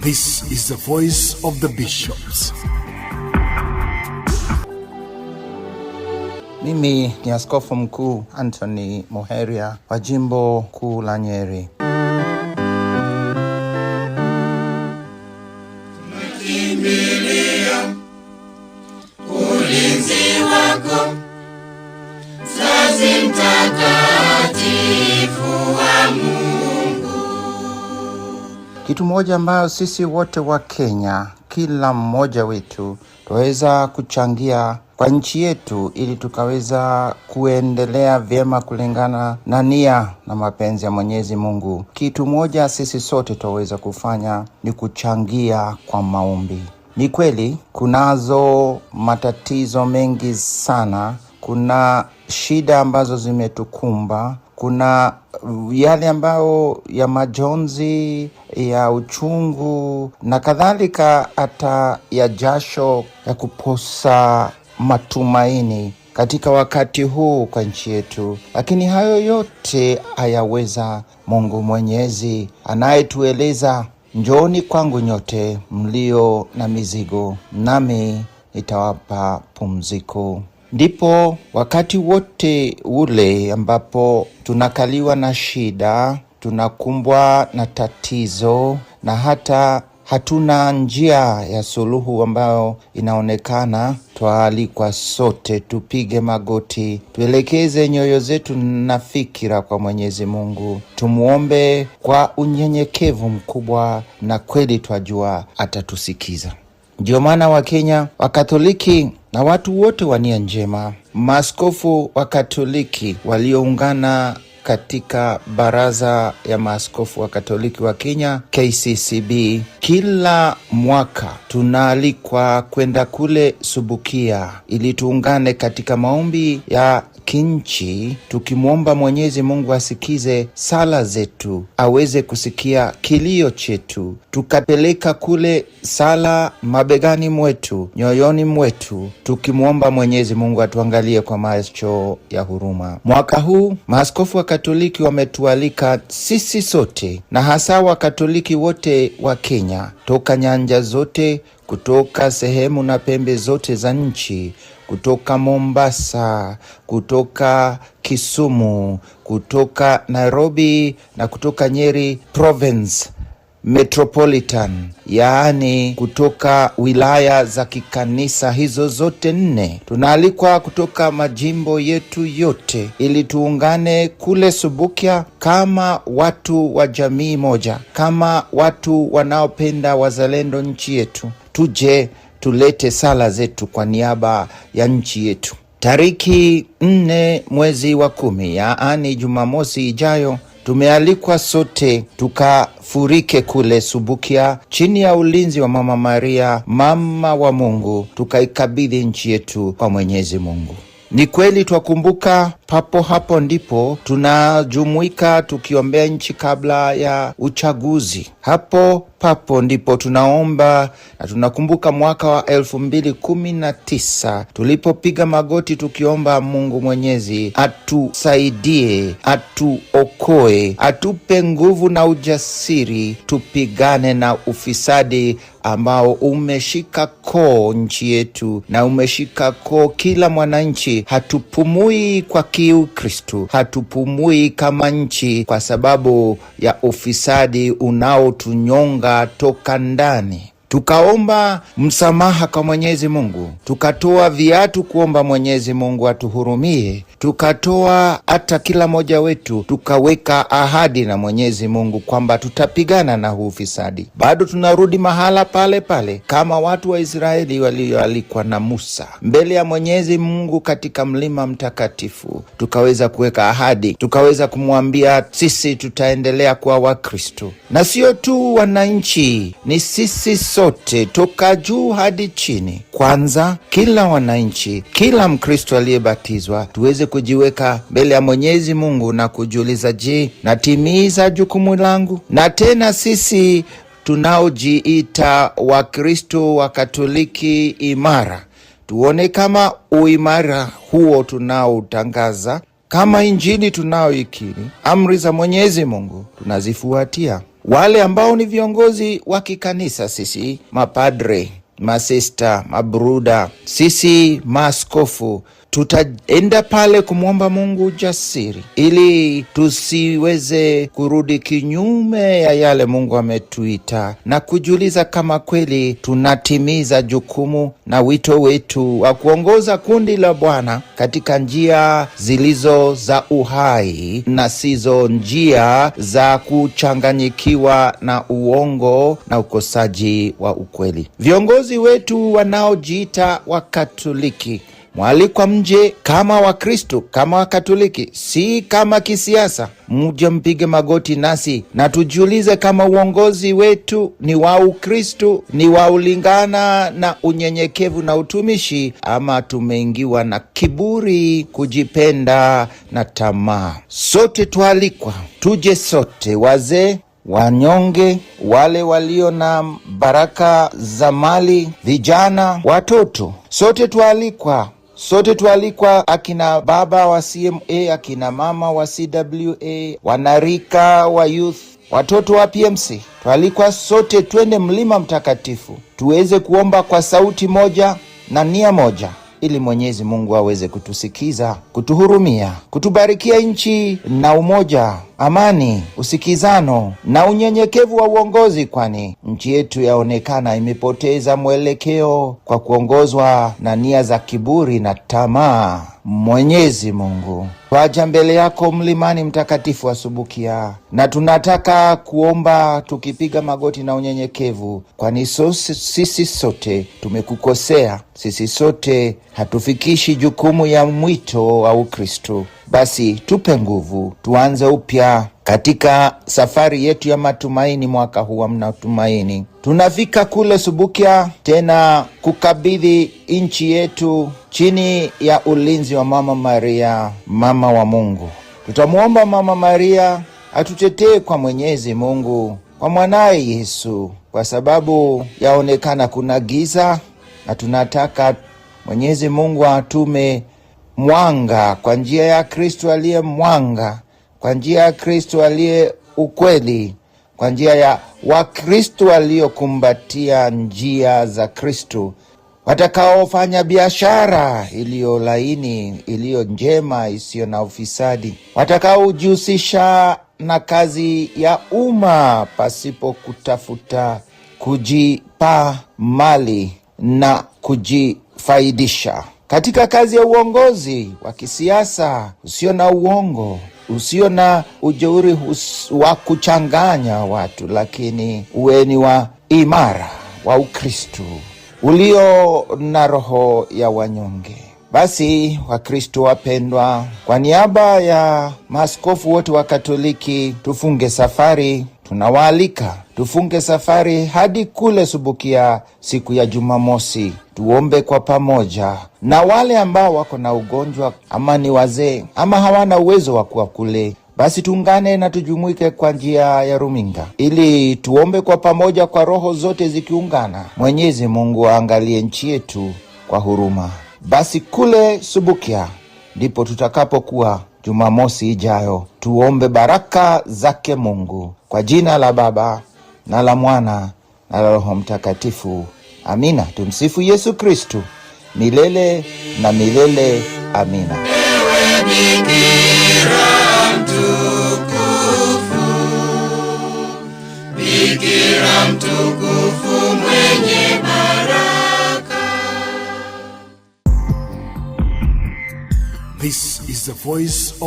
This is the voice of the bishops. Mimi ni askofu mkuu Anthony Muheria wa jimbo kuu la Nyeri. Tunakimbilia ulinzi wako, sazi mtakatifu Kitu moja ambayo sisi wote wa Kenya, kila mmoja wetu tuweza kuchangia kwa nchi yetu ili tukaweza kuendelea vyema kulingana na nia na mapenzi ya Mwenyezi Mungu. Kitu moja sisi sote tuweza kufanya ni kuchangia kwa maombi. Ni kweli kunazo matatizo mengi sana, kuna shida ambazo zimetukumba kuna uh, yale ambayo ya majonzi ya uchungu na kadhalika, hata ya jasho ya kuposa matumaini katika wakati huu kwa nchi yetu, lakini hayo yote hayaweza Mungu Mwenyezi anayetueleza njooni kwangu nyote mlio na mizigo, nami nitawapa pumziko. Ndipo wakati wote ule ambapo tunakaliwa na shida, tunakumbwa na tatizo na hata hatuna njia ya suluhu ambayo inaonekana, twaalikwa sote tupige magoti, tuelekeze nyoyo zetu na fikira kwa Mwenyezi Mungu, tumwombe kwa unyenyekevu mkubwa, na kweli twajua atatusikiza. Ndio maana Wakenya Wakatoliki na watu wote wa nia njema, maaskofu wa Katoliki walioungana katika baraza ya maaskofu wa Katoliki wa Kenya KCCB, kila mwaka tunaalikwa kwenda kule Subukia ili tuungane katika maombi ya kinchi, tukimwomba Mwenyezi Mungu asikize sala zetu, aweze kusikia kilio chetu, tukapeleka kule sala mabegani mwetu, nyoyoni mwetu, tukimwomba Mwenyezi Mungu atuangalie kwa macho ya huruma. Mwaka huu maaskofu wa Katoliki wametualika sisi sote na hasa Wakatoliki wote wa Kenya toka nyanja zote kutoka sehemu na pembe zote za nchi, kutoka Mombasa, kutoka Kisumu, kutoka Nairobi na kutoka Nyeri province metropolitan yaani kutoka wilaya za kikanisa hizo zote nne. Tunaalikwa kutoka majimbo yetu yote, ili tuungane kule Subukia kama watu wa jamii moja, kama watu wanaopenda wazalendo nchi yetu, tuje tulete sala zetu kwa niaba ya nchi yetu. Tariki nne mwezi wa kumi, yaani Jumamosi ijayo tumealikwa sote tukafurike kule Subukia chini ya ulinzi wa Mama Maria, mama wa Mungu, tukaikabidhi nchi yetu kwa Mwenyezi Mungu. Ni kweli twakumbuka papo hapo ndipo tunajumuika tukiombea nchi kabla ya uchaguzi. Hapo papo ndipo tunaomba na tunakumbuka mwaka wa elfu mbili kumi na tisa tulipopiga magoti tukiomba Mungu Mwenyezi atusaidie, atuokoe, atupe nguvu na ujasiri tupigane na ufisadi ambao umeshika koo nchi yetu na umeshika koo kila mwananchi. Hatupumui kwa kiukristu hatupumui kama nchi kwa sababu ya ufisadi unaotunyonga toka ndani tukaomba msamaha kwa Mwenyezi Mungu, tukatoa viatu kuomba Mwenyezi Mungu atuhurumie, tukatoa hata kila moja wetu tukaweka ahadi na Mwenyezi Mungu kwamba tutapigana na huu fisadi. Bado tunarudi mahala pale pale, kama watu wa Israeli walioalikwa na Musa mbele ya Mwenyezi Mungu katika mlima mtakatifu, tukaweza kuweka ahadi, tukaweza kumwambia sisi tutaendelea kuwa Wakristo, na sio tu wananchi, ni sisi sote toka juu hadi chini, kwanza kila wananchi, kila Mkristo aliyebatizwa tuweze kujiweka mbele ya Mwenyezi Mungu na kujiuliza, je, natimiza jukumu langu? Na tena sisi tunaojiita Wakristo wa Katoliki imara, tuone kama uimara huo tunaotangaza, kama Injili tunaoikili amri za Mwenyezi Mungu tunazifuatia wale ambao ni viongozi wa kikanisa, sisi mapadre, masista, mabruda, sisi maaskofu tutaenda pale kumwomba Mungu ujasiri ili tusiweze kurudi kinyume ya yale Mungu ametuita na kujiuliza kama kweli tunatimiza jukumu na wito wetu wa kuongoza kundi la Bwana katika njia zilizo za uhai na sizo njia za kuchanganyikiwa na uongo na ukosaji wa ukweli. Viongozi wetu wanaojiita Wakatoliki mwalikwa mje kama Wakristo, kama Wakatoliki, si kama kisiasa, mje mpige magoti nasi na tujiulize kama uongozi wetu ni wa Ukristo, ni wa ulingana na unyenyekevu na utumishi, ama tumeingiwa na kiburi, kujipenda na tamaa. Sote twalikwa, tuje sote, wazee wanyonge, wale walio na baraka za mali, vijana, watoto, sote twaalikwa Sote tualikwa akina baba wa CMA, akina mama wa CWA, wanarika wa youth, watoto wa PMC, tualikwa sote twende mlima mtakatifu tuweze kuomba kwa sauti moja na nia moja ili Mwenyezi Mungu aweze kutusikiza, kutuhurumia, kutubarikia nchi na umoja amani, usikizano na unyenyekevu wa uongozi, kwani nchi yetu yaonekana imepoteza mwelekeo kwa kuongozwa na nia za kiburi na tamaa. Mwenyezi Mungu, twaja mbele yako mlimani mtakatifu asubukia na tunataka kuomba tukipiga magoti na unyenyekevu, kwani sisi sote tumekukosea, sisi sote hatufikishi jukumu ya mwito wa Ukristo. Basi tupe nguvu, tuanze upya katika safari yetu ya matumaini. Mwaka huu wa mnatumaini tunafika kule Subukia tena kukabidhi nchi yetu chini ya ulinzi wa Mama Maria, mama wa Mungu. Tutamwomba Mama Maria atutetee kwa Mwenyezi Mungu, kwa mwanaye Yesu, kwa sababu yaonekana kuna giza na tunataka Mwenyezi Mungu atume mwanga, kwa njia ya Kristo aliye mwanga, kwa njia ya Kristo aliye ukweli, kwa njia ya Wakristo waliokumbatia njia za Kristo, watakaofanya biashara iliyo laini, iliyo njema, isiyo na ufisadi, watakaojihusisha na kazi ya umma pasipo kutafuta kujipaa mali na kujifaidisha katika kazi ya uongozi wa kisiasa usio na uongo, usio na ujeuri wa kuchanganya watu, lakini uweni wa imara wa Ukristu ulio na roho ya wanyonge. Basi wakristu wapendwa, kwa niaba ya maaskofu wote wa Katoliki tufunge safari Tunawaalika tufunge safari hadi kule Subukia siku ya Jumamosi, tuombe kwa pamoja, na wale ambao wako na ugonjwa ama ni wazee ama hawana uwezo wa kuwa kule basi tuungane na tujumuike kwa njia ya ruminga ili tuombe kwa pamoja, kwa roho zote zikiungana. Mwenyezi Mungu aangalie nchi yetu kwa huruma. Basi kule Subukia ndipo tutakapokuwa Jumamosi ijayo. Tuombe baraka zake Mungu kwa jina la Baba na la Mwana na la Roho Mtakatifu. Amina. Tumsifu Yesu Kristu milele na milele. Amina. Bikira mtukufu, Bikira mtukufu This is the voice of